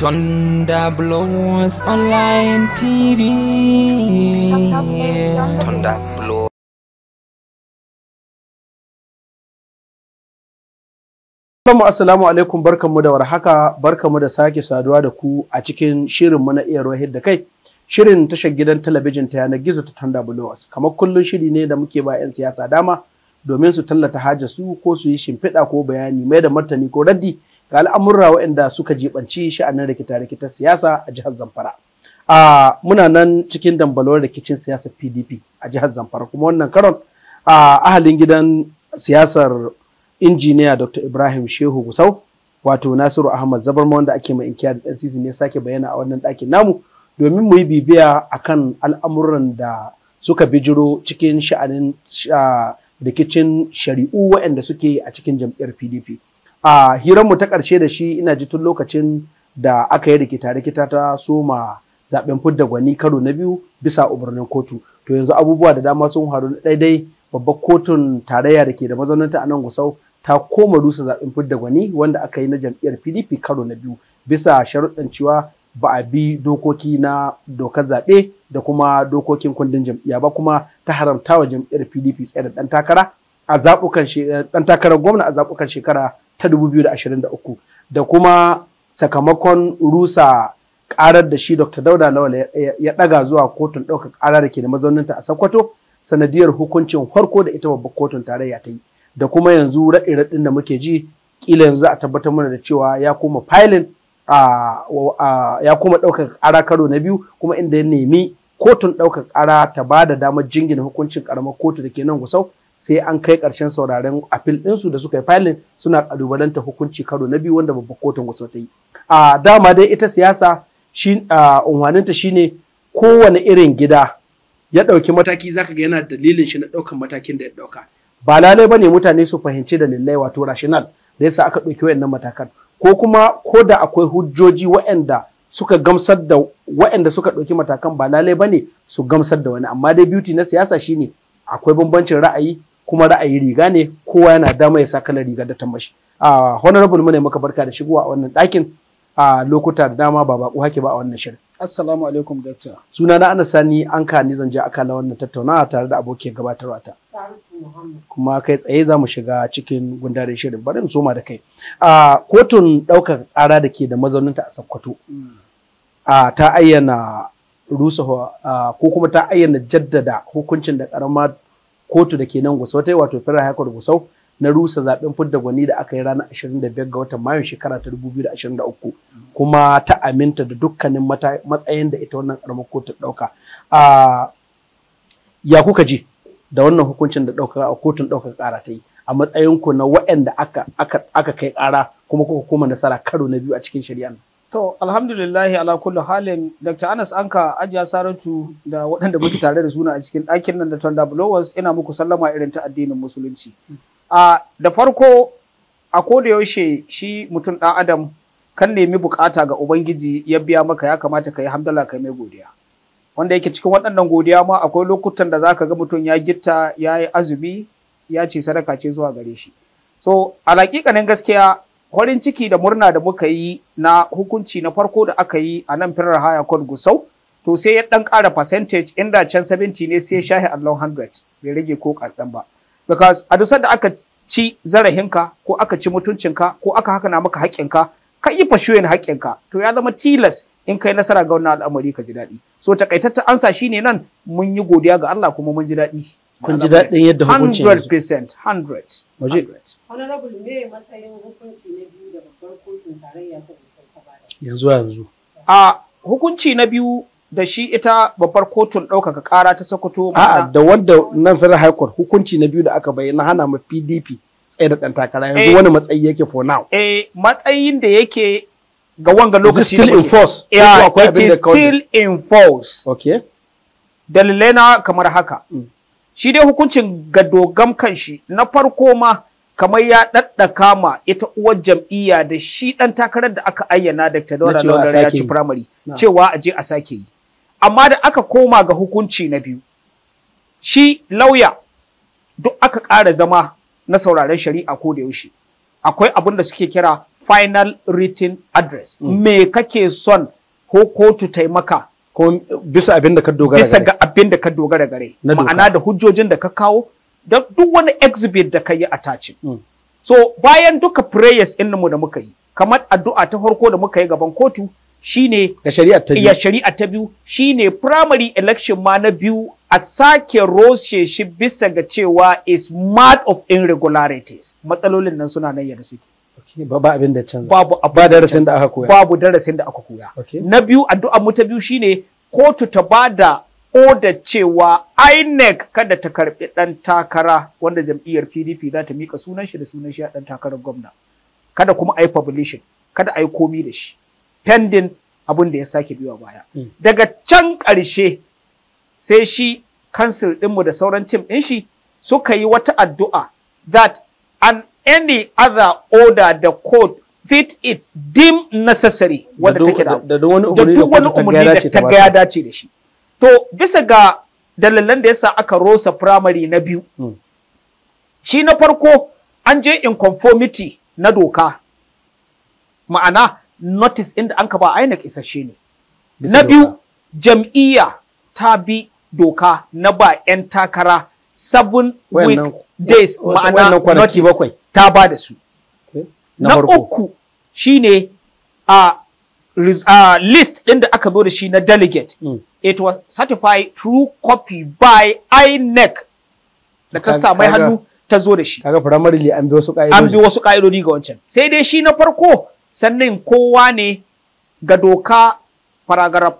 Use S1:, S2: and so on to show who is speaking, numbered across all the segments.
S1: Thunder Blows Online TV. Thunder Blows. Assalamu alaikum barkanmu da warhaka barkanmu da sake saduwa da ku a cikin shirinmu na iya rohid da kai shirin tashar gidan talabijin ta yanar gizo ta Thunder Blows kamar kullun shiri ne da muke ba 'yan siyasa dama domin su tallata haja su ko su yi shimfiɗa ko bayani mai da martani ko raddi ga al'amurra waɗanda suka jibanci sha'anin rikita-rikitar siyasa a jihar Zamfara. A muna nan cikin dambalwar rikicin siyasar PDP a jihar Zamfara kuma wannan karon a ahalin gidan siyasar injiniya Dr. Ibrahim Shehu Gusau wato Nasiru Ahmad Zabarma wanda ake mai inkiya da NCC ne sake bayyana a wannan ɗakin namu domin mu yi bibiya akan al'amuran da suka bijiro cikin sha'anin rikicin shari'u waɗanda suke a cikin jam'iyyar PDP. a hiranmu ta ƙarshe da shi ina ji tun lokacin da aka yi rikita-rikita ta soma zaben fidda gwani karo na biyu bisa umarnin kotu to yanzu abubuwa da dama sun haru daidai babbar kotun tarayya da ke da mazaunanta a nan gusau ta koma rusa zaben fidda gwani wanda aka yi na jam'iyyar pdp karo na biyu bisa sharuɗan cewa ba a bi dokoki na dokar zaɓe da kuma dokokin kundin jam'iyya ba kuma ta haramta wa jam'iyyar pdp tsaye da ɗan takara a zaɓukan ɗan takarar gwamna a zaɓukan shekara ta 2023 da kuma sakamakon rusa karar da shi dr dauda lawal ya daga zuwa kotun ɗaukar kara da ke da mazauninta a sakwato sanadiyar hukuncin farko da ita babbar kotun tarayya ta yi da kuma yanzu raɗe raɗin da muke ji ƙila yanzu a tabbatar mana da cewa ya koma filin ya kuma ɗaukar ƙara karo na biyu kuma inda ya nemi kotun ɗaukar ƙara ta ba da damar jingina hukuncin ƙaramar kotu da ke nan gusau sai an kai karshen sauraren apil ɗinsu da suka yi filin suna kalubalanta hukunci karo na biyu wanda babban kotun wasu ta yi. A dama dai ita siyasa shi unwaninta shine kowane irin gida ya ɗauki mataki zaka ga yana dalilin shi na ɗaukan matakin da ya ɗauka. Ba lalai ba mutane su fahimci da dalilai wato rational da yasa aka ɗauki wayannan matakan ko kuma ko da akwai hujjoji wa'anda suka gamsar da wa'anda suka ɗauki matakan ba lalai bane su gamsar da wani amma dai beauty na siyasa shine akwai bambancin ra'ayi kuma ra'ayi riga ne kowa yana dama ya sa kalar riga da tambashi a honorable mu ne muka barka da shigowa a wannan ɗakin a lokuta da dama ba baƙo hake ba a wannan shirin assalamu alaikum doctor suna na ana sani an ka ni zanje aka la wannan tattaunawa tare da abokiyar gabatarwa ta kuma kai tsaye za mu shiga cikin gundarin shirin bari mu soma da kai a kotun ɗaukar ƙara da ke da mazauninta a sakkwato a ta ayyana rusa ko kuma ta ayyana jaddada hukuncin da ƙaramar kotu da ke nan gusautai ta wato federal high court gusau na rusa zaben fidda gwani da aka yi ranar 25 ga watan mayu shekara ta 2023 kuma ta aminta da dukkanin matsayin da ita wannan karamar kotu dauka a ya kuka ji da wannan hukuncin da dauka kotun dauka kara ta yi a matsayin ku na waɗanda aka kai kara kuma kuka koma nasara karo na biyu a cikin shari'a To, alhamdulillahi ala kullu halin Dr. Anas Anka Ajiya Saratu da waɗanda muke tare da suna a cikin ɗakin nan da Tonda Blowers ina muku sallama irin ta addinin Musulunci. A da farko a koda yaushe shi mutum ɗan Adam kan nemi bukata ga Ubangiji ya biya maka ya kamata ka yi hamdala ka mai godiya. Wanda yake cikin waɗannan godiya ma akwai lokutan da zaka ga mutum ya gitta ya yi azumi ya ce sadaka ce zuwa gare shi. So, a gaskiya farin ciki da murna da muka yi na hukunci na farko da aka yi a nan firar haya court gusau to sai ya dan ƙara percentage inda can 70 ne sai ya shahi allon 100 bai rage ko ƙarɗan ba because a dusar da aka ci zarahinka ko aka ci mutuncinka ko aka haka na maka haƙƙinka ka yi fashoyin haƙƙinka to ya zama tilas in kai nasara ga wannan al'amari ka ji daɗi so takaitaccen ansa shine nan mun yi godiya ga Allah kuma mun ji daɗi kun ji daɗin yadda hukunci ya zo. 100% 100 honorable me matsayin hukunci na biyu da babbar kotun tarayya ta yanzu yanzu a hukunci na biyu da shi ita babbar kotun ɗaukaka ƙara ta Sokoto. A da wanda nan fara high court hukunci na biyu da aka bayyana hana ma PDP tsaye da ɗan takara yanzu eh, wani matsayi yake for now. Eh matsayin da yake ga wanga lokaci Is still in force. Yeah, it is still in force. Okay. Dalilai na kamar haka. Mm. shi dai hukuncin ga dogon kanshi na farko ma kamar ya daddaka kama ita uwar jam'iyya da shi ɗan takarar da aka ayyana Dr. Dora Lawrence ya ci primary cewa a je a sake yi amma da aka koma ga hukunci na biyu shi lauya duk aka ƙara zama na sauraron shari'a ko da yaushe akwai abin da suke kira final written address mm. me kake son ko kotu taimaka ko bisa abin da ka dogara bisa ga abin da ka dogara gare ma'ana da hujjojin da ka kawo da duk wani exhibit da ka yi attachin mm. so bayan duka prayers din mu da muka yi kamar addu'a ta farko da muka yi gaban kotu shine ga shari'a ta biyu ya shari'a ta biyu shine primary election ma na biyu a sake roshe shi bisa ga cewa is mad of irregularities matsalolin nan suna nan yadda suke ba abin da canza babu ba darasin da aka koya babu darasin da aka koya na biyu addu'a mu ta biyu shine kotu ta bada da cewa INEC kada ta karbi ɗan takara wanda jam'iyyar PDP za ta mika sunan shi da sunan shi a dan takarar gwamna kada kuma ai publishing kada ai komi da shi pending abin da ya sake biwa baya hmm. daga can ƙarshe sai shi kansil ɗinmu da sauran tim ɗin shi suka yi wata addu'a that an any other order the court fit it deem necessary wanda take da duk wani umarni da ta ga ya dace da shi to bisa ga dalilan da yasa aka rosa firamare na biyu hmm. shi na farko an je in conformity na doka ma'ana notice inda an ka ba INEC shi ne na biyu jam'iyya ta bi doka na ba 'yan takara seven week days ma'ana notice bakwai ta ba da su na uku shine a list ɗin da aka zo da shi na delegate hmm. it was certified true copy by INEC da ta sa mai hannu ta zo da shi. Kaga primarily an bi wasu ƙa'idodi. An bi wasu ƙa'idodi ga wancan. Sai dai shi na farko sannan kowa ne ga doka paragraph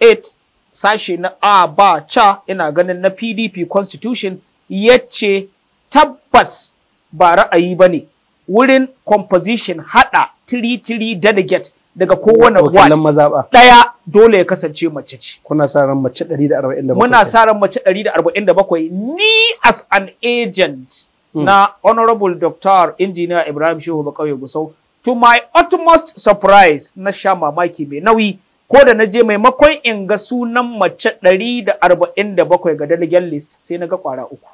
S1: 8 sashe na A ba ca ina ganin na PDP constitution ya ce tabbas ba ra'ayi ba ne wurin composition hada tiri-tiri delegate daga kowane wajen daya dole ya kasance mace ce kuna sa ran mace 147 muna sa ran mace 147 ni as an agent hmm. na honorable doctor engineer Ibrahim Shehu Bakauye Gusau to my utmost surprise na sha mamaki mai nauyi ko da na je maimakon in ga sunan mace 147 ga delegate list sai na ga kwara uku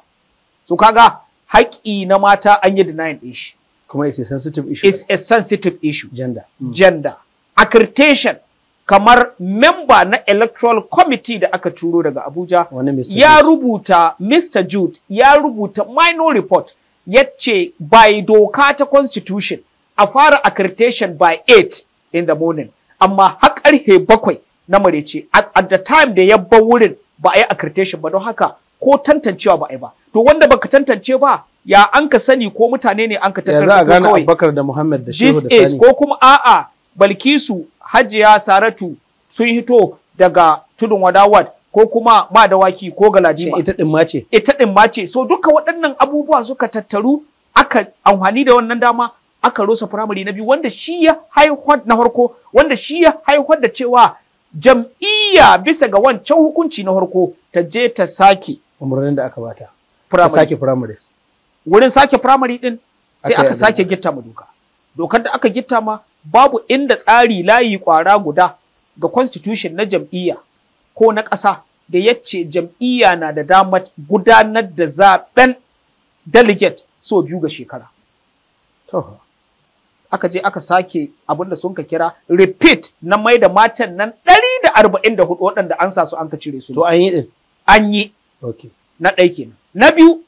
S1: so kaga haƙi na mata an yi denying din shi kuma it's a sensitive issue it's a sensitive issue gender hmm. gender accreditation kamar memba na electoral committee da aka turo daga Abuja ya rubuta Mr. Jude ya rubuta minor report ya ce by doka ta constitution a fara accreditation by 8 in the morning amma har karfe bakwai na marece at, the time da ya ba wurin ba a yi accreditation ba don haka ko tantancewa ba a yi ba to wanda baka tantance ba ya an ka sani ko mutane ne an ka tattara kawai ya za a gane Abubakar da Muhammad da Shehu da Sani this is ko kuma a'a Balkisu Hajiya Saratu sun hito daga tudun wadawat ko kuma ba da waki ko galajima. Ita ɗin mace. Ita ɗin mace. So duka waɗannan abubuwa suka tattaru aka amfani da wannan dama aka rusa firamare na biyu wanda shi ya haihuwar na farko wanda shi ya haihuwar da cewa jam'iyya bisa ga wancan hukunci na farko ta je ta sake. Umarnin da aka bata. Firamare. sake firamare. Wurin sake firamare ɗin sai aka sake gitta ma doka. Dokar da aka gitta ma babu inda tsari layi kwara guda ga constitution na jam'iyya ko na ƙasa da ya ce jam'iyya na da damar gudanar da zaben delegate so biyu ga shekara. Aka je aka sake abinda sun ka kira repeat na mai da matan nan 144 waɗanda an sa su an ka cire su. To an yi ɗin? An yi. Na ɗai kenan. Na biyu,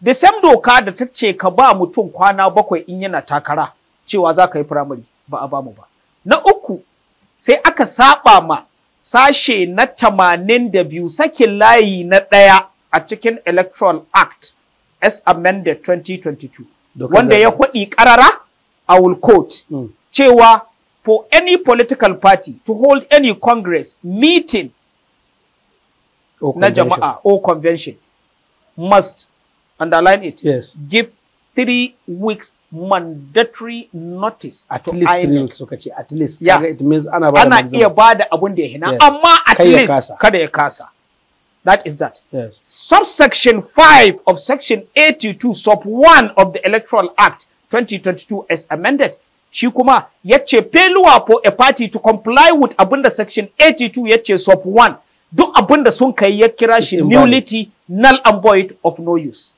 S1: da sam doka da ta ce ka ba mutum kwana bakwai in yana takara cewa za ka yi firamare. ba a bamu ba na uku sai aka saba ma sashe na tamanin da biyu sakin layi na ɗaya a cikin electoral act as amended 2022 wanda ya kwaɗi ƙarara a will quote mm. cewa for any political party to hold any congress meeting na jama'a or convention must underline it yes. give three weeks mandatory notice at least three weeks suka ce at least yeah. it means ana ba ana iya ba da abun da ya hina yes. amma at Kaya least kasa. kada ya kasa that is that yes. subsection 5 of section 82 sub 1 of the electoral act 2022 as amended shi kuma yace failure for a party to comply with abun da section 82 yace sub 1 duk abun da sun kai ya kira shi nullity null and void of no use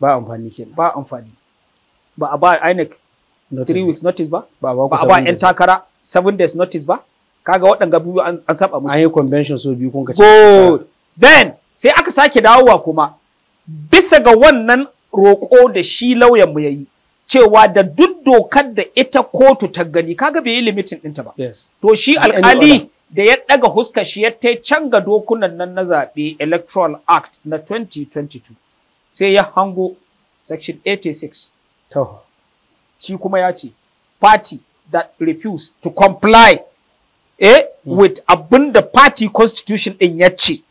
S1: ba amfani ke ba amfani ba a ba INEC 3 weeks notice ba ba a ba yan takara 7 days notice ba kaga waɗanga biyu an saba musu an yi convention so biyu kun ka good then sai aka sake dawowa kuma bisa ga wannan roƙo da shi lauyan mu yayi cewa da duk dokar da ita kotu ta gani kaga bai yi limitin ɗinta ba to shi alƙali da ya ɗaga huska shi ya ta canga dokunan nan na zaɓe electoral act na 2022 sai ya hango section 86 to shi kuma ya ce party that refuse to comply eh, mm. with abin da party constitution din ya ce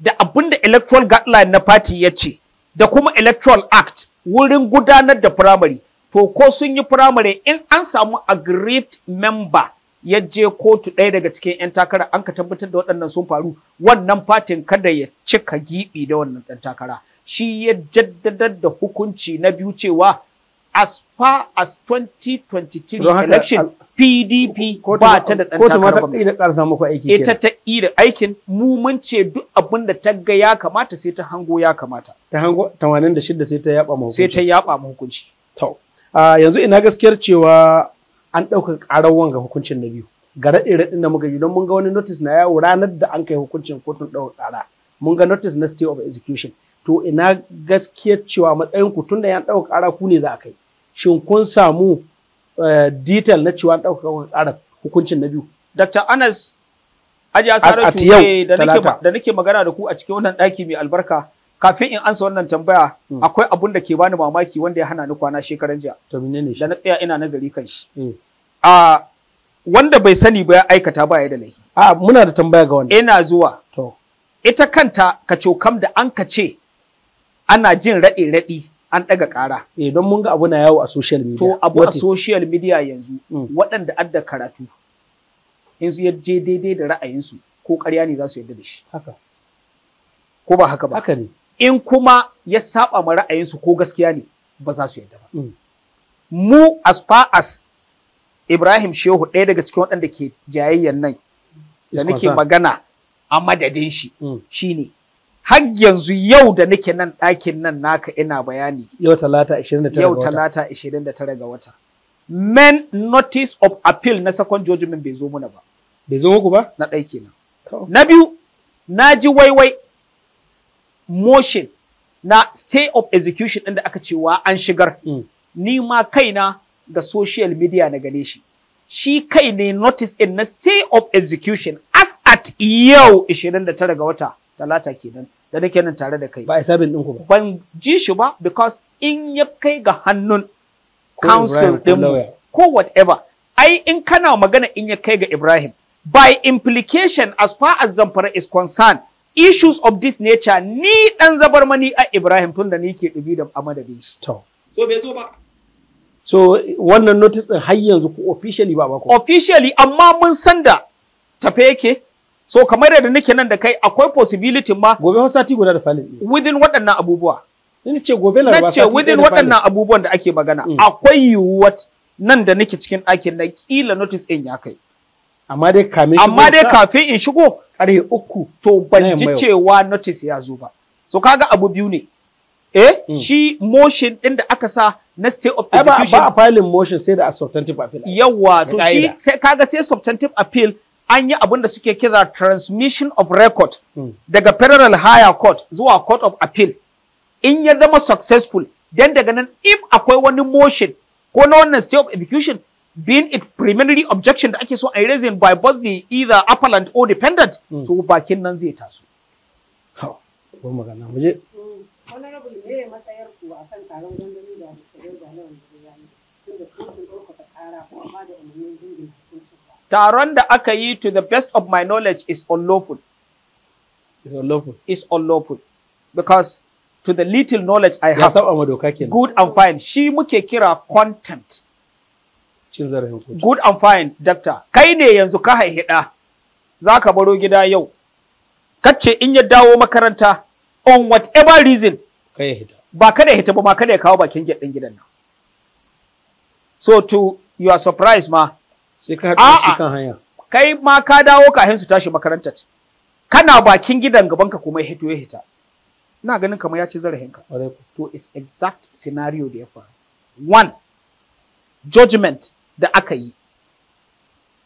S1: da abin da electoral guideline na party ya ce da kuma electoral act wurin gudanar da primary to ko sun yi primary in an samu aggrieved member ya je kotu ɗaya daga cikin 'yan takara an ka tabbatar da waɗannan sun faru wannan fatin kada ya cika giɓi da wannan ɗan takara shi ya jaddadar da hukunci na biyu cewa as far as 2023 election PDP ba ta da ɗan takarar Ita ta ƙira aikin mu mun ce duk abin da ta ga ya kamata sai ta hango ya kamata. Ta hango 86 sai ta yaba mu hukunci. Sai ta yaba mu hukunci. To. yanzu ina gaskiyar cewa an ɗauka ƙarar wanga hukuncin na biyu. Ga raɗe-raɗin da muka yi don mun ga wani notice na yawo ranar da an kai hukuncin kotun ɗaukar ƙara. Mun ga notice na state of execution. to ina gaskiyar cewa matsayin ku da yan ɗauka ƙara ku ne za a kai shin kun samu eh, detail na cewa ɗauka ƙara hukuncin na biyu dr anas aji asaratu eh, da nake magana da ku a cikin wannan ɗaki mai albarka kafin in ansa wannan tambaya hmm. akwai abun da ke bani mamaki wanda ya hana ni kwana shekaran jiya da na tsaya ina nazari kan shi hmm. a wanda bai sani ba ya aikata ba ya da laifi a muna da tambaya ga wanda. ina zuwa to ita kanta ka cokam da an ka ce ana jin raɗe-raɗi an ɗaga ƙara. Eh don mun ga abu na yawo a social media. To abu a social media yanzu mm. waɗanda adda karatu in su je daidai da ra'ayinsu ko ƙarya ne za su yadda da shi. Haka. Ko ba haka ba. Haka ne. In kuma ya saba ma ra'ayinsu ko gaskiya ne ba za su yadda ba. Mm. Mu as far as Ibrahim Shehu ɗaya daga cikin waɗanda ke jayayyan nan da nake magana a madadin shi mm. shine har yanzu yau da nake nan ɗakin nan naka ina bayani yau talata 29 yau talata 29 ga wata men notice of appeal na second judgment bai zo muna ba bai zo muku ba na ɗai na. na biyu na ji waiwai motion na stay of execution ɗin da aka cewa an shigar mm. ni ma kaina ga social media na gane shi shi kai ne notice in na stay of execution as at yau 29 ga wata talata kenan da nake nan tare da kai ba isabin ku ba ban ji shi ba because in ya kai ga hannun council din ko whatever ai in kana magana in ya kai ga Ibrahim by implication as far as Zamfara is concerned issues of this nature ni dan zabarmani a Ibrahim tun da ni ke dubi da amadadin shi to so bai zo ba so wannan notice din har yanzu ku officially ba ba ku officially amma mun san da tafe yake So kamar yadda nake nan da kai akwai possibility ma gobe har sati guda da falin. Within waɗannan abubuwa. Ina ce gobe laraba sati. Nace within waɗannan abubuwan da ake magana mm. akwai yiwuwar nan da nake cikin ɗakin na kila notice ɗin ya kai. Amma dai kame Amma dai kafin in shigo ƙarfe uku to ban ji cewa notice ya zo ba. So kaga abu biyu ne. Eh mm. shi motion ɗin da aka sa na state of execution. Ba a filing motion sai da a substantive appeal. Yawwa to shi kaga sai substantive appeal an yi abin da suke kira transmission of record daga federal higher court zuwa court of appeal in ya zama successful then daga nan if akwai wani motion ko na wannan state of execution being it preliminary objection da ake so a reason by both the either appellant or dependent hmm. so bakin nan zai taso honorable me matsayar ku akan taron gangami da da da umarnin taron da aka yi to the best of my knowledge is unlawful. Is unlawful. Is unlawful. Because to the little knowledge I have, good and fine, shi muke kira content. Good and fine, doctor. Kai ne yanzu ka haihida, za ka baro gida yau. Kacce in ya dawo makaranta, on whatever reason, ba kada ya hita ba ma kada ya kawo bakin gidan nan. So to your surprise ma, sai kai ma ka dawo kafin su tashi makaranta kana bakin gidan gaban ka kuma ya hito ya hita ina ganin kamar ya ci zarafin ka to is exact scenario da ya faru one judgment da aka yi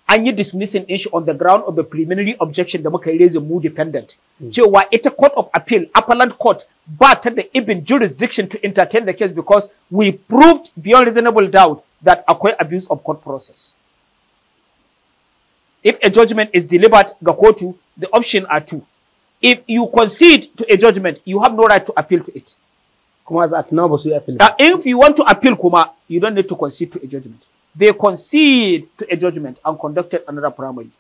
S1: an yi dismissing din on the ground of a preliminary objection da muka yi raising mu dependent mm. cewa ita court of appeal appellant court ba ta da even jurisdiction to entertain the case because we proved beyond reasonable doubt that akwai abuse of court process If a judgment is delivered ga kotu, the option are two. If you concede to a judgment, you have no right to appeal to it. Kuma za a ba su yi appeal. If you want to appeal kuma, you don't need to concede to a judgment. They concede to a judgment and conducted another primary.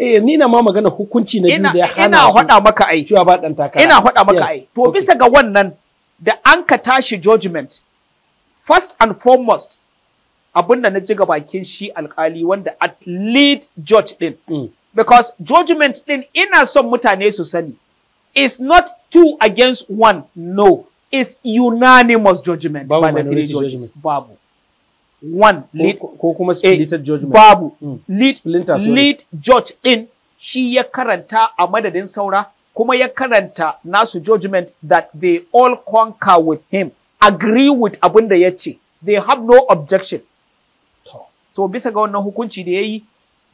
S1: eh ni na ma magana hukunci na biyu da ya hana ina hada maka ai cewa ba dan takara ina hada maka ai to bisa ga wannan da an ka tashi judgment first and foremost abunda na ji ga bakin shi alkali wanda at lead judge din mm. because judgment din ina son mutane su sani is not two against one no is unanimous judgment babu by the three judges babu one lead ko kuma eh, splitted judgment babu mm. lead lead judge din shi ya karanta a madadin saura kuma ya karanta nasu judgment that they all concur with him agree with abin da ya ce they have no objection so bisa ga wannan hukunci da ya yi.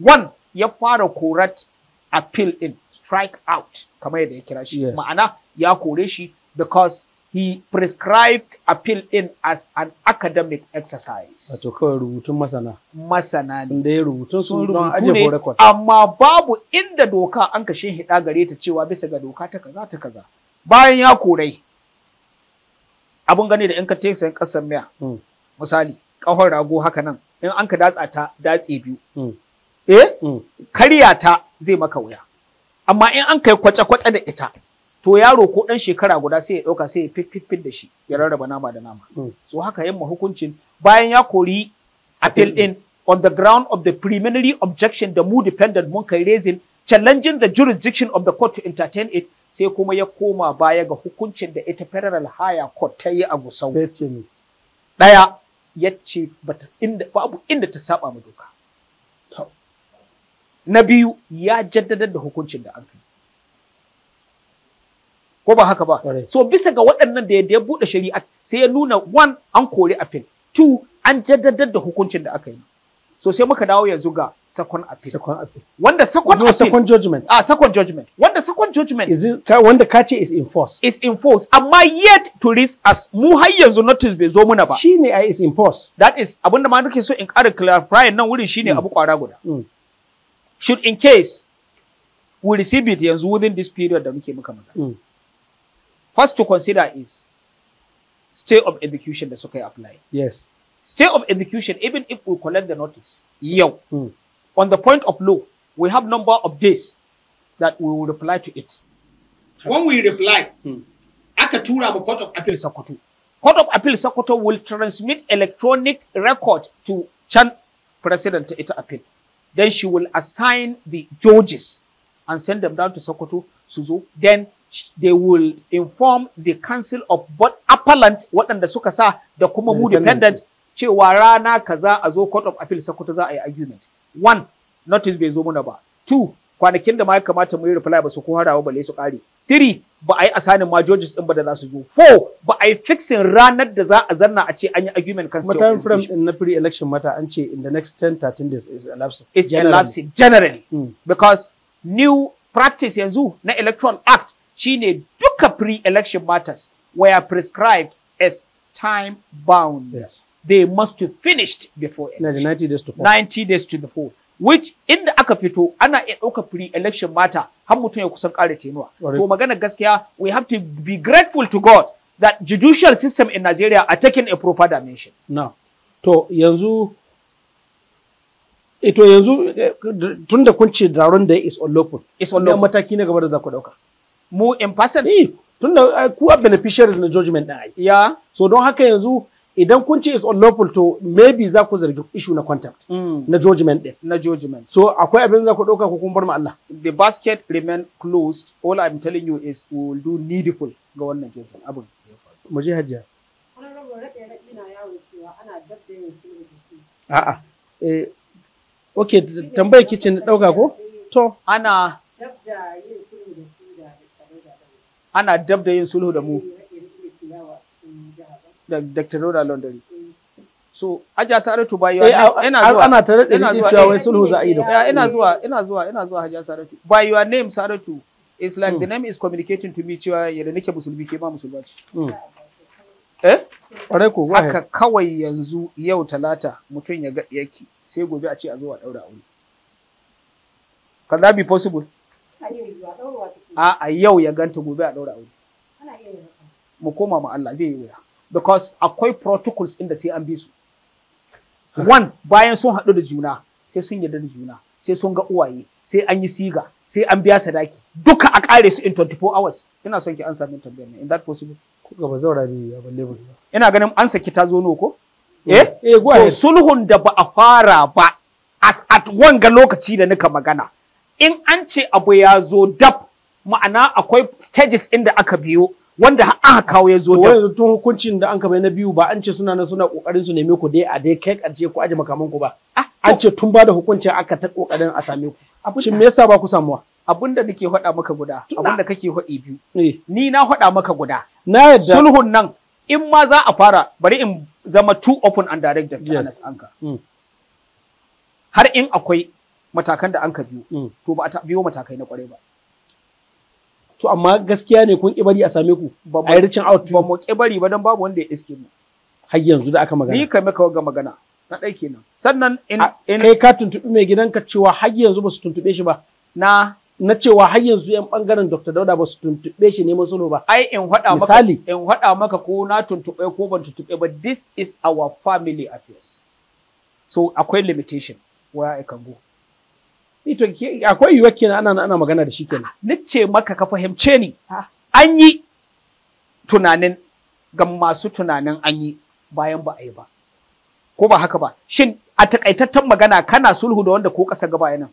S1: one ya fara korat appeal in strike out kamar yadda ya kira shi yes. ma'ana ya kore shi because he prescribed appeal in as an academic exercise. Wato kawai rubutun masana. Masana ne. Da ya rubutun sun aje Amma babu inda doka an kashe hida gare ta cewa bisa ga doka ta kaza ta kaza. Bayan ya korai. Abun gani da in ka yan kasan miya. Hmm. Misali, kafar rago haka nan in an ka datsa ta datse biyu hmm. eh hmm. karya ta zai maka wuya amma in an kai kwace-kwace da ita to yaro ko ɗan shekara guda sai ya ɗauka sai ya fiffifin da shi ya rarraba nama da nama hmm. so haka yamma hukuncin bayan ya kori appeal in on the ground of the preliminary objection da mu dependent mun kai raising challenging the jurisdiction of the court to entertain it sai kuma ya koma baya ga hukuncin da ita federal higher court ta yi a gusau daya yace babu inda ta saba ma doka na biyu ya jaddadar da hukuncin da an kai ko ba haka ba so bisa ga waɗannan da ya buɗe shari'a sai ya nuna one an kori appeal two an jaddadar da hukuncin da aka yi So sai muka dawo yanzu ga second appeal. Second appeal. Wanda second no, appeal. second judgment. Ah, second judgment. Wanda second judgment. Is it, wanda ka ce is enforced. Is enforced. Amma yet to risk as mu har yanzu notice bai zo muna ba. Shi ne is enforced. That is abinda ma nake so in ƙara clarify nan wurin shine mm. abu kwara guda. Mm. Should in case we receive it yanzu within this period da muke muka magana. Mm. First to consider is stay of execution da suka yi apply. Yes. stay of execution, even if we collect the notice, yo, mm. on the point of law, we have number of days that we will reply to it. When we reply, mm. Court of Appeal Sokoto. Court of Appeal Sokoto will transmit electronic record to Chan President ita appeal. Then she will assign the judges and send them down to Sokoto, Suzu. Then they will inform the council of both appellant waɗanda suka sa da kuma mu dependent cewa rana kaza a zo court of appeal sakuta za a yi argument one notice bai zo muna ba two kwanakin da ma ya kamata mu yi reply ba su ko harawa balle su kare three ba a yi asanin ma judges din ba da za su zo four ba a yi fixing ranar da za a zanna a ce an yi argument kan state of frame na pre election mata an ce in the next 10 13 days is elapsing is lapse generally mm. because new practice yanzu na electoral act shine duka pre election matters were prescribed as time bound yes. they must be finished before election. 90 days to fall. 90 days to the fall. Which inda aka fito ana iya ɗaukar pre-election mata har mutum ya kusan ƙara tenuwa. To magana gaskiya we have to be grateful to God that judicial system in Nigeria are taking a proper dimension. now To yanzu to yanzu tun da kun ce da is on local. Is on local. mataki na gaba da za ku ɗauka. Mu in person? Eh, tun da eh, kuwa beneficiaries na judgment ɗin ai. Yeah. So don haka yanzu idan kun ce is unlawful to maybe za ku zargi issue na contact hmm. na judgment din na judgment so akwai abin za ku dauka ko kun bar mu Allah the basket remain closed all i'm telling you is we will do needful ga wannan judgment abun mu je hajjia a'a eh okay tambaye kitchen dauka ko to ana ana dab da yin sulhu da mu da Dr. Dauda Laundari. Mm. So Hajiya Saratu bayi eh, ina zuwa ana tare da ni cewa eh, wai sulhu za a yi da ina zuwa ina zuwa ina zuwa Hajiya Saratu. By your name Saratu is like mm. the name is communicating to me cewa yadda nake musulmi ke ba musulma ce. Mm. Eh? Ƙwarai ko Haka kawai yanzu yau talata mutum ya ga yake sai gobe a ce a zo a ɗaura aure. Can that be possible? A yau ya ganta gobe a ɗaura aure. Mu koma ma Allah zai yi wuya. because akwai protocols inda sai an bi su one bayan sun haɗu da juna sai sun yarda da juna sai sun ga uwaye sai an yi siga sai an biya sadaki duka a kare su in 24 hours ina son ki ansa min tambayar in that possible ko gaba zaura ne ya balle ba ina ganin an saki ta zo ko
S2: eh eh, eh so
S1: sulhun da ba a fara ba as at wanga lokaci da nika magana in an ce abu ya zo dab ma'ana akwai stages inda aka biyo wanda aka kawo ya zo da wanda tun hukuncin da an kaba na biyu ba an ce suna na suna kokarin su neme ku dai a dai kai karshe ku aje makaman ku ba ah, an ce tun ba da hukuncin aka ta kokarin a same ku shin me yasa ba ku samuwa abin da nake faɗa maka guda abin da kake faɗi biyu eh. ni na faɗa maka guda na yadda sulhun nan in ma za a fara bari in zama too open and direct da yes. anka mm. har in akwai matakan da anka biyo mm. to ba a biyo matakai na kwarai ba to amma gaskiya ne kun bari a same ku a yi ricin out ba mu bari ba dan babu wanda ya iske mu har yanzu da aka magana ni kai maka ga magana na dai kenan sannan in kai ka tuntuɓi mai gidanka cewa har yanzu ba su tuntuɓe shi ba na na cewa har yanzu yan bangaren Dr. Dauda ba su tuntuɓe shi neman sulhu ba. Ai in hada maka in hada maka ko na tuntuɓe ko ban tuntuɓe ba this is our family affairs. So akwai limitation where I can go. Ito akwai yiwuwar kenan ana ana magana da shi kenan. Nice maka ka fahimce ni. An yi tunanin ga masu tunanin an yi bayan ba a yi ba. Ko ba haka ba. Shin a takaitaccen magana kana sulhu da wanda ko kasa gaba yana.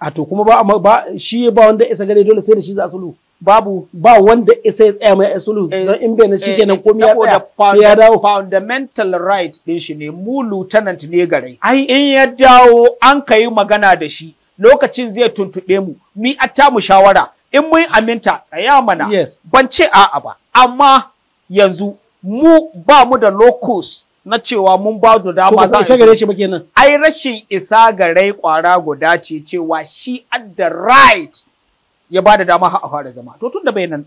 S1: A to kuma ba ba shi ba wanda isa gare dole sai da shi za sulhu. Babu ba wanda isa ya tsaya mai sulhu eh, don in bai na shi eh, kenan komai ya tsaya sai ya dawo. Fundamental right din shi ne mu lieutenant ne gare. Ai in ya dawo an kai magana da shi lokacin zai tuntuɓe mu mi atta mu shawara in mun aminta tsaya mana Yes. ban ce a'a ba amma yanzu mu ba mu da locus na cewa mun ba da dama za a gare shi ba kenan ai rashin isa ga rai kwara guda ce cewa shi at the right ya ba da dama a fara zama to tun da bai nan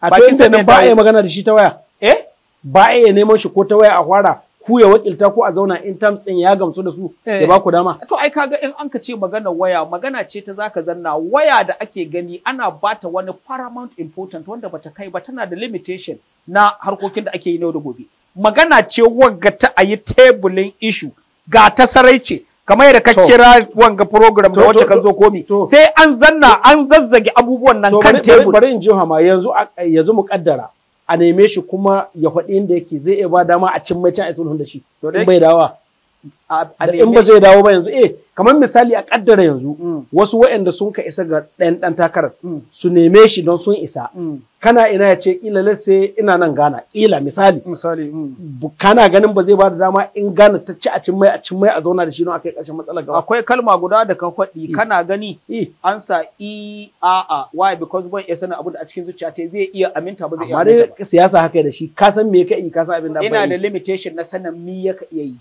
S2: a to ba a
S1: magana da shi ta waya eh ba a neman shi ko ta waya a fara ku ya wakilta ko a zauna in terms din ya gamsu da su ya eh. ba ku dama to ai kaga in an ka ce magana waya magana ce ta zaka zanna waya da ake gani ana bata wani paramount important wanda bata kai ba tana da limitation na harkokin da ake yi yau da gobe magana ce wanga ta ayi tebulin issue ga ta sarai ce kamar yadda ka kira wanga program da wacce ka zo komi sai an zanna an zazzage abubuwan nan kan tebul bari in ji hama yanzu yanzu mu kaddara a neme shi kuma ya faɗi inda yake zai iya ba dama a cin mai can a sulhun da shi bai dawa in ba zai dawo ba yanzu eh kamar misali a kaddara yanzu mm. wasu waɗanda sun ka isa ga ɗayan ɗan takarar mm. su neme shi don sun isa mm. kana ina ya ce kila let's ina nan gana kila misali misali kana ganin ba zai ba da dama in gana ta ci a cin mai a cin mai a zauna da shi don akai ƙarshen matsalar gaba akwai kalma guda da ka faɗi kana gani eh. an sa i e, a a why because ban isa abu da a cikin zuciya ta zai iya aminta ba zai iya aminta ba amma siyasa haka da shi ka san me ka yi ka san abin da ba ina da limitation na sanin me ya ka iya yi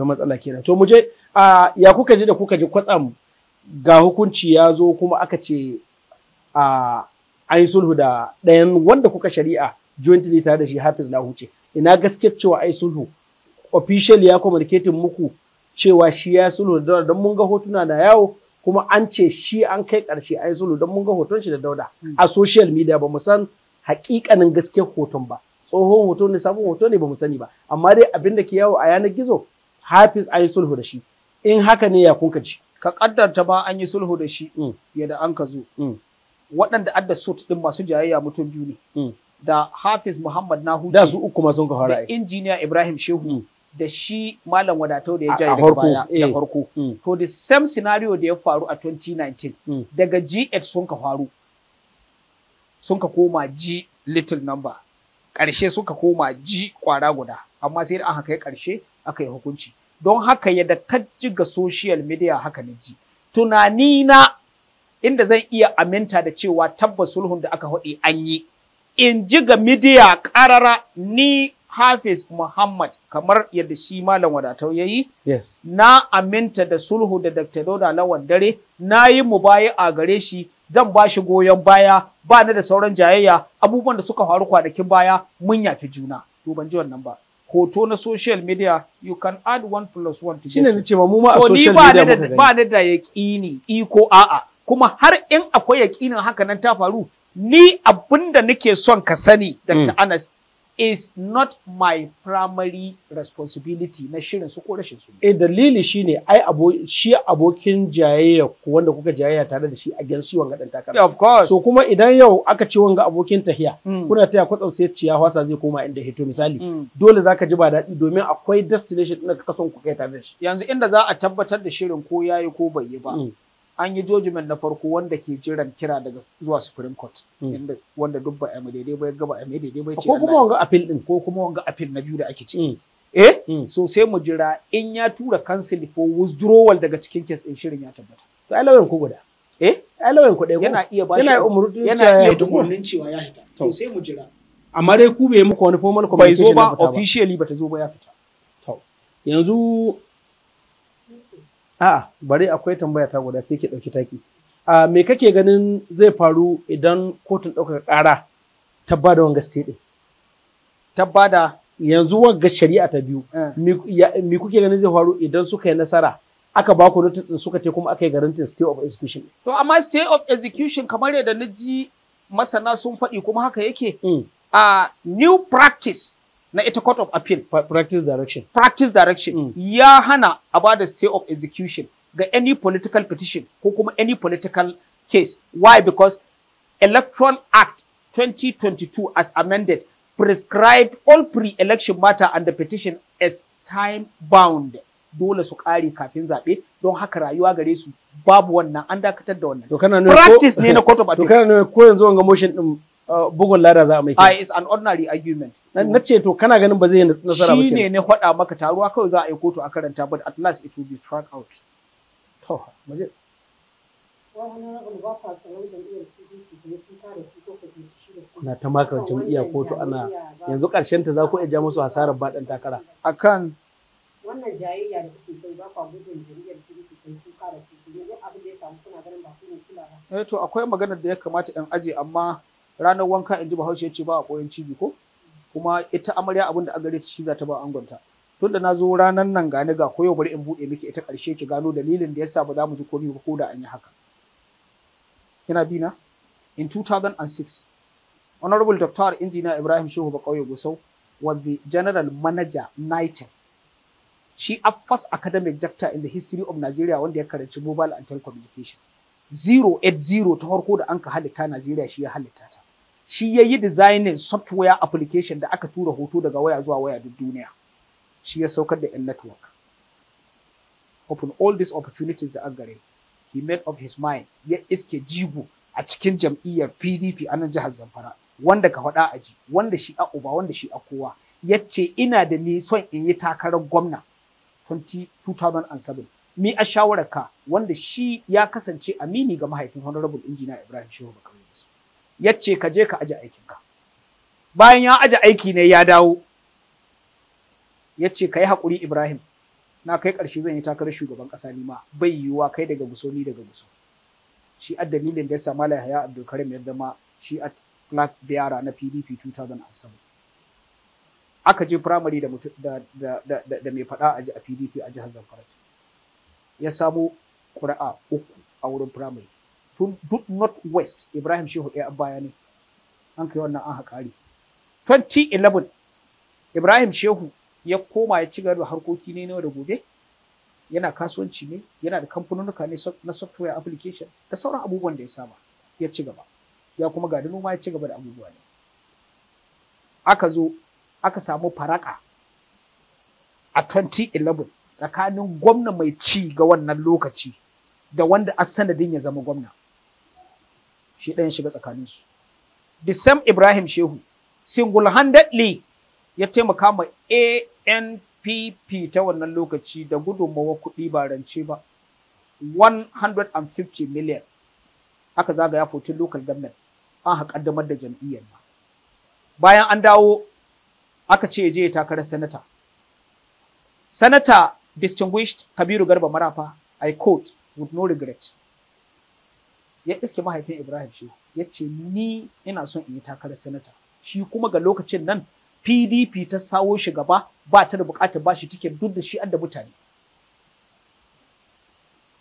S1: akwai matsala kenan to mu je a ya kuka ji da kuka ji kwatsam ga hukunci ya zo kuma aka ce a an sulhu da ɗayan wanda kuka shari'a jointly tare da shi hafiz na huce ina gaske cewa ai sulhu official ya communicating muku cewa shi ya sulhu da dauda don mun ga hotuna na yawo kuma an ce shi an kai ƙarshe ai sulhu don mun ga hoton shi da dauda hmm. a social media ba mu san hakikanin gaskiyar hoton ba tsohon hoto ne sabon hoto ne ba mu sani ba amma dai abin da ke yawo a yanar gizo hafiz an yi sulhu da shi in haka ne ya kunka ji ka kaddarta ma an yi sulhu da shi mm. yadda an ka zo mm. waɗanda adda suit ɗin masu jayayya mutum biyu ne mm. da hafiz muhammad nahu da su uku ma sun ka fara da injiniya ibrahim shehu da shi malam wadatau da ya jaye daga baya da farko eh. to the same scenario da ya faru a 2019 daga gx sun ka faru sun ka koma g little number ƙarshe suka koma ji kwara guda amma sai da an haka ya ƙarshe aka yi hukunci don haka yadda ka ji ga social media haka na ji tunani na inda zan iya aminta da cewa tabbas sulhun da aka haɗe an yi in ji ga midiya ƙarara ni Hafiz Muhammad kamar yadda shi Malam Wadatau ya yi, na aminta da sulhu da Dr. Doda Lawan dare, na yi mu baya a gare shi zan ba shi goyon baya ba na da sauran jayayya abubuwan da suka faru kwanakin baya mun yafi juna. Duban ji wannan ba. hoto na social media you can add one plus one to get shine nace cewa mu ma a social media ba ni ba ni da yaqini iko a'a kuma har in akwai yaƙinin haka nan ta faru ni abinda nake son ka sani Dr. Hmm. Anas is not my primary responsibility na shirin su ko rashin su. Eh dalili shine ai abo shi abokin jayayya ko wanda kuka jayayya tare da shi a gidan shi wanga dan takara. Of course. So kuma idan yau aka ce wanga abokin tahiya hmm. kuna taya kwatsam sai ciya hwasa zai koma inda hito misali hmm. dole zaka ji ba daɗi domin akwai destination din da ka son ku kai tare da shi. Yanzu inda za a tabbatar da shirin ko yayi ko bai yi ba. Hmm. an yi jojimen na farko wanda ke jiran kira daga zuwa supreme court hmm. inda wanda duk ba a mai daidai ba ya gaba a mai daidai ba ce ko kuma wanga appeal din ko kuma wanga appeal na biyu da ake ciki hmm. eh hmm. so sai mu jira in ya tura cancel for withdrawal daga cikin case din shirin ya tabbata to ai lawyer ko guda eh ai lawyer ko ɗaya yana iya ba yana umurnin yana iya dukkanin cewa ya fita to sai mu jira amma dai ku bai muku wani formal communication ba officially bata zo ba ya fita to yanzu A'a, bari akwai tambaya ta guda sai ke ɗauki taki. A me kake ganin zai faru idan kotun ɗaukar ƙara ta ba da wanga state ɗin? Ta bada yanzu wanga shari'a ta biyu. Eh. Me kuke ganin zai faru idan suka yi nasara aka ba ku notice suka ce kuma aka yi garantin stay of execution. To amma stay of execution kamar yadda na ji masana sun faɗi kuma haka yake. Mm. A new practice na ita court of appeal practice direction practice direction mm. ya hana a bada stay of execution ga any political petition ko kuma any political case why because electoral act 2022 as amended prescribed all pre-election matter the petition as time bound dole su kare kafin zaɓe don haka rayuwa gare su babu wannan an dakatar da wannan practice ne na court of appeal to kana ne ko yanzu wanga motion din bugun lada za a mai kai. is an ordinary argument. Na ce to kana ganin ba zai nasara ba. Shi ne na faɗa maka taruwa kawai za a yi kotu a karanta but at last it will be struck out. To, maje.
S2: Na ta maka iya kotu ana yanzu
S1: ƙarshen ta za ku iya ja musu hasarar baɗin takara. Akan. Wannan jayayya da kuke kai ba kwa gudun jam'iyyar PDP kai kuka abin da ya samu kuna ganin ba su ne sila ba. Eh to akwai maganar da ya kamata in aje amma ranar wanka in ji bahaushe ya ce ba a koyon cibi ko kuma ita amarya abin da agare shi za ta ba angonta tunda na zo ranar nan gani ga koyo bari in buɗe miki ita ƙarshe ki gano dalilin da yasa ba za mu ji komai ba ko da an yi haka kina bi na in 2006 honorable dr engineer ibrahim shehu ƙauye gusau was the general manager nite shi a first academic doctor in the history of nigeria wanda ya karanci mobile and telecommunication 080 ta farko da anka ka halitta nigeria shi ya halitta ta shi ya yi designing software application da aka tura hoto daga waya zuwa waya duk duniya shi ya saukar da yan network Open all these opportunities da gare he made up his mind ya iske jigo a cikin jam'iyyar pdp a nan jihar zamfara wanda ka faɗa a ji wanda shi a uba wanda shi a kowa ya ce ina da ni in yi takarar gwamna 2007 mi a shawararka wanda shi ya kasance amini ga mahaifin honorable injiniya ibrahim shehu yace ka je ka aje aikinka bayan ya aje aiki ne ya dawo yace ka yi hakuri Ibrahim na kai karshe zan yi takarar shugaban ƙasa ni ma bai yiwuwa kai daga guso ni daga guso shi a dalilin da ya sa haya abdul karim ya zama shi a Clark Biara na PDP 2007 aka je firamare da da mai faɗa a PDP a jihar Zamfara ya samu ƙuri'a uku a wurin firamare. tun north west ibrahim shehu ɗaya baya ne an kai wannan an haƙari 2011 ibrahim shehu ya koma ya ci gaba da harkoki ne da gobe yana kasuwanci ne yana da kamfanonuka ne na software application da sauran abubuwan da ya saba ya ci gaba ya kuma ga ma ya ci gaba da abubuwa ne aka zo aka samu faraka a 2011 tsakanin gwamna mai ci ga wannan lokaci da wanda sanadin ya zama gwamna shi ɗayan shiga tsakaninsu the same ibrahim shehu single handedly ya taimaka ma anpp ta wannan lokaci da gudunmawar kuɗi ba rance ba 150 million aka zagaya fotin local government an haƙa damar da jam'iyyar ma bayan an dawo aka ce je takarar sanata sanata distinguished kabiru garba marafa i quote with no regret ya iske mahaifin Ibrahim Shehu ya ce ni ina son in yi takarar sanata shi kuma ga lokacin nan PDP ta sawo shi gaba ba ta da bukatar ba shi tiket duk da shi da mutane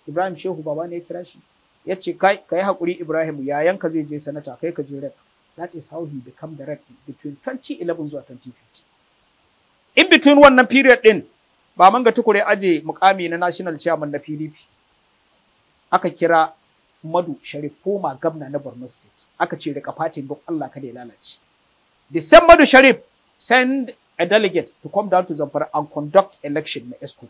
S1: Ibrahim Shehu baba ne ya kira shi ya ce kai ka yi hakuri Ibrahim yayanka zai je sanata kai ka je rep that is how he become the rep between 2011 zuwa 2015 in between wannan period din ba man ga tukure aje mukami na national chairman na PDP aka kira Madu Sharif former gwamna na Borno State aka ce rika fatin duk Allah kada ya lalace. The same Madu Sharif send a delegate to come down to Zamfara and conduct election na ESCO.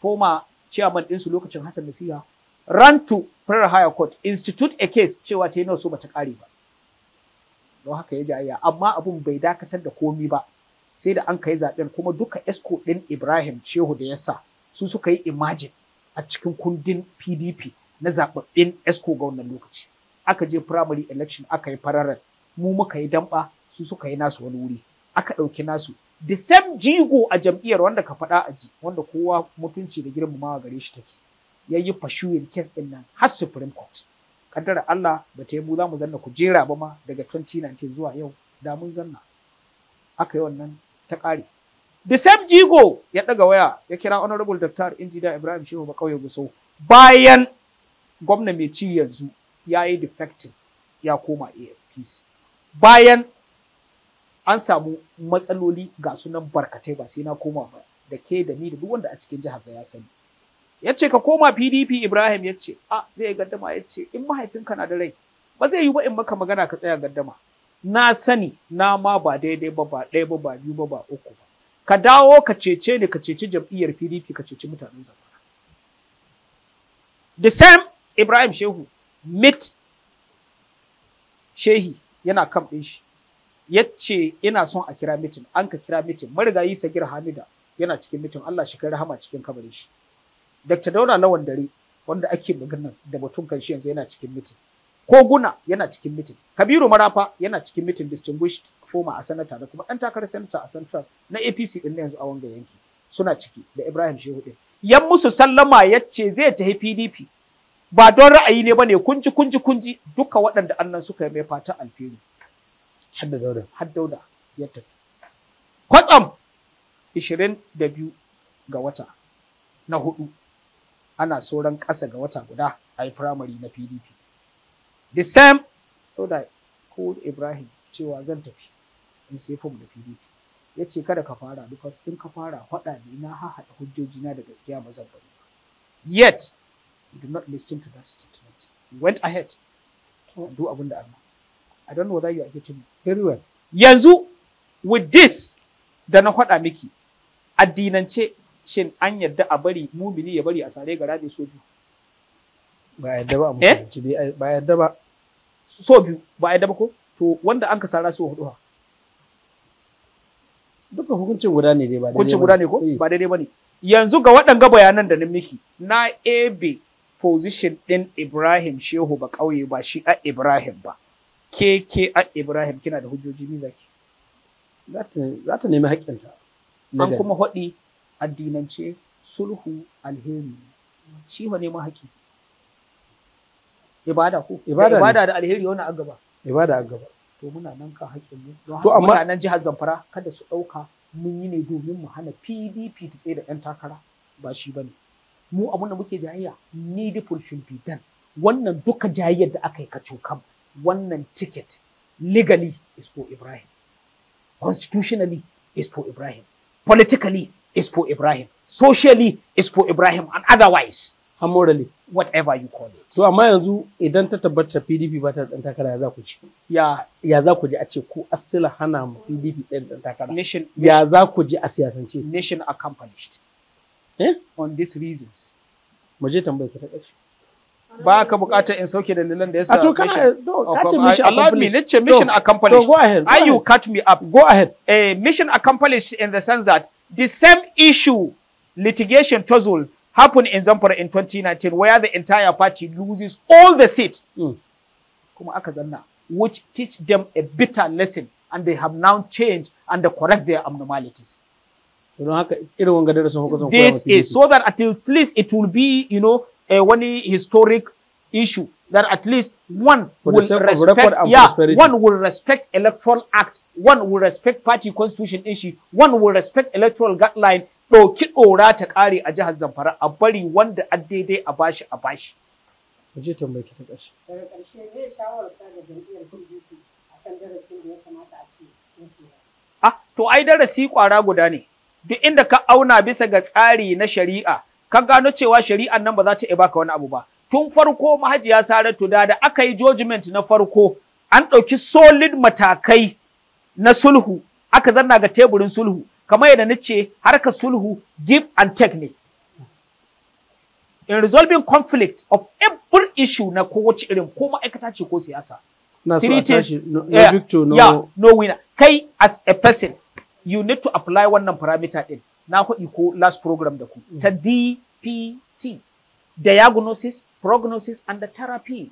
S1: Former chairman ɗinsu lokacin Hassan Nasiha ran to Federal Higher Court institute a case cewa ta yi so bata kare ba. Don haka ya jaya amma abun bai dakatar da komi ba sai da an kai zaben. kuma duka ESCO ɗin Ibrahim Shehu da yasa su suka yi imagine a cikin kundin PDP na zababbin esco ga wannan lokaci aka je primary election aka yi fararar mu muka yi damba su suka yi nasu wani wuri aka ɗauki nasu the same jigo a jam'iyyar wanda ka faɗa a ji wanda kowa mutunci da girmamawa gare shi take ya yi pursuing case din nan har supreme court kaddara Allah ba ta yi mu za mu zanna kujera ba ma daga 2019 zuwa yau da mun zanna aka yi wannan ta ƙare the same jigo ya ɗaga waya ya kira honorable dr injida ibrahim shehu ba kauye guso bayan gwamna mai ci yanzu ya yi defective ya koma AFPC. Bayan an samu matsaloli ga sunan barkatai ba sai na koma ba da ke da ni da duk wanda a cikin jihar da ya sani. Ya ce ka koma PDP Ibrahim ya ce a ah, zai yi gaddama ya ce in mahaifinka na da rai ba zai yi ba in maka magana ka tsaya gaddama. Na sani na ma ba daidai ba ba ɗaya ba ba biyu ba ba uku ba. Ka dawo ka cece ni ka ceci jam'iyyar PDP ka ceci mutanen Zamana. The same Ibrahim Shehu mit Shehi yana kan ɗin shi ya ce ina son a kira mitin an ka kira mitin marigayi Sagir Hamida yana cikin mitin Allah shi kai rahama cikin kabarin shi Dr. Dauna Lawan Dare wanda ake magana da batun kan shi yanzu yana cikin mitin Koguna yana cikin mitin Kabiru Marafa yana cikin mitin distinguished former a sanata da kuma ɗan takarar sanata a central na APC ɗin yanzu a wanga yanki suna ciki da Ibrahim Shehu ɗin yan musu sallama ya ce zai tafi PDP ba don ra'ayi ne ba ne kunji kunji kunji duka waɗanda annan suka yi mai fata alfiri hadda dauda hadda ya tafi kwatsam 22 ga wata na hudu ana sauran ƙasa ga wata guda a yi firamari na pdp the same dauda ko ibrahim cewa zan tafi in sai fom da pdp ya ce kada ka fara because in ka fara faɗa ne na haɗa na da gaskiya ba zan yet You did not listen to that statement. You went ahead and do abunda da I don't know whether you are getting me. Very well. Yanzu, with this da na faɗa miki, addinance shin an yadda a bari mumini ya bari a sare gara da so biyu. Ba yadda ba a eh? musulunci ba yadda ba. So biyu ba yadda ba ko? To wanda an ka sara so hudu ha. Duka hukuncin guda ne dai ba daidai ba. Hukuncin guda ne ko? Eh. Ba daidai ba ne. Yanzu ga waɗanga bayanan da na miki na ebe position ɗin Ibrahim Shehu ba ƙauye ba shi a Ibrahim ba. Ke ke a Ibrahim kina da hujjoji ni zaki. Za ta nemi haƙƙinta. An kuma haɗi addinance sulhu alheri shi wa neman haƙƙi. Ibada ko? Ibada da alheri wani a gaba. Ibada a gaba. To muna nan kan haƙƙin mu. Don muna mutanen jihar Zamfara kada su ɗauka mun yi ne domin mu hana PDP ta tsaye da 'yan takara ba shi ba ne. mu abun da muke jayayya needful should be done wannan duka jayayyar da aka yi kacokan wannan ticket legally is for Ibrahim constitutionally is for Ibrahim politically is for Ibrahim socially is for Ibrahim and otherwise and morally whatever you call it to amma yanzu idan ta tabbata PDP ba ta dan takara za ku ci ya ya za ku ji a ce ku asila hana mu PDP tsayin dan takara ya za ku ji a siyasance nation accomplished eh on these reasons mu je tambayar ta ƙarshe ba ka bukata in sauke dalilan da ya sa to kana no ka ce mission Allow me nace mission accomplished go ahead are you cut me up go ahead a mission accomplished in the sense that the same issue litigation tussle happened in Zamfara in 2019 where the entire party loses all the seats mm. kuma aka zanna which teach them a bitter lesson and they have now changed and they correct their abnormalities don haka irin this is so that at least it will be you know a wani historic issue that at least one For will respect yeah, prosperity. one will respect electoral act one will respect party constitution issue one will respect electoral guideline ɗauki ɗora ta ƙare a jihar Zamfara a bari wanda a daidai a bashi a bashi. Je tambayi ta ƙarshe. Daga ƙarshe zai shawarar ta da jam'iyyar PDP kan darasin da ya kamata a ce. Ah, to ai darasi ƙwara guda ne. duk inda ka auna bisa ga tsari na shari'a ka gano cewa shari'an nan ba za ta iya baka wani abu ba tun farko mahajiya saratu da da aka yi judgment na farko an ɗauki solid matakai na sulhu aka zanna ga teburin sulhu kamar yadda nace harkar sulhu give and take ne in resolving conflict of every issue na kowace irin ko ma'aikata ce ko siyasa na so a tashi no, victor no, yeah, no winner kai as a person you need to apply wannan parameter din na kuɗi ko last program da ku ta mm. DPT diagnosis prognosis and the therapy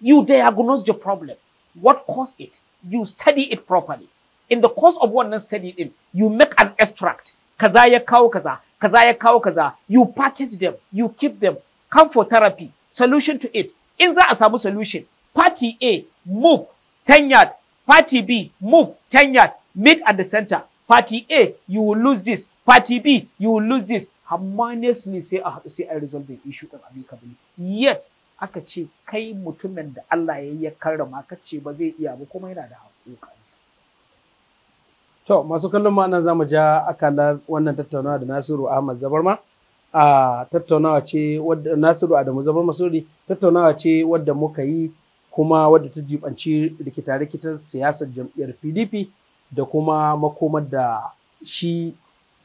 S1: you diagnose the problem what caused it you study it properly in the course of wannan study din you make an extract kaza ya kawo kaza kaza ya kawo kaza you package them you keep them come for therapy solution to it in za a samu solution party A move 10 yard party B move 10 yard mid at the center party A you will lose this party B you will lose this amma ne sai a haɗu sai a resolve issue din abin kabili yet aka ce kai mutumin da Allah ya ya karrama ka ce ba zai iya ba kuma yana da haƙoƙansa to masu kallon ma za mu ja akalar wannan tattaunawa da Nasiru Ahmad Zabarma a tattaunawa ce wadda Nasiru Adamu Zabarma sorry tattaunawa ce wadda muka yi kuma wadda ta jibanci rikita-rikitar siyasar jam'iyyar PDP da kuma makomar da shi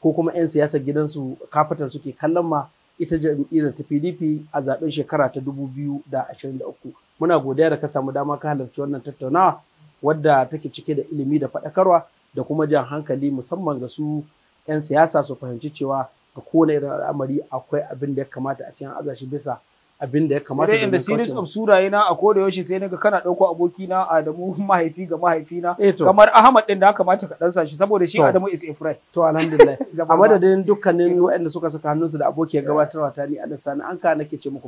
S1: ko kuma 'yan siyasar gidansu kafatar suke kallon ma ita jam'iyyar ta pdp a zaben shekara ta 2023 muna godiya da ka samu dama ka halarci wannan tattaunawa wadda take cike da ilimi da faɗakarwa da kuma jan hankali musamman ga su 'yan siyasa su fahimci cewa ga kowane irin al'amari akwai abin da ya kamata a cikin azashi bisa abin da ya kamata da in series of suraye na a koda yaushe sai naga kana ɗauko aboki na Adamu mahaifi ga mahaifi na eh kamar Ahmad din da ya kamata ka ɗansa shi saboda shi Adamu is a friend to alhamdulillah a madadin dukkanin waɗanda suka saka hannunsu da ya gabatarwa ta ni a sani an ka nake ce muku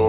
S1: ma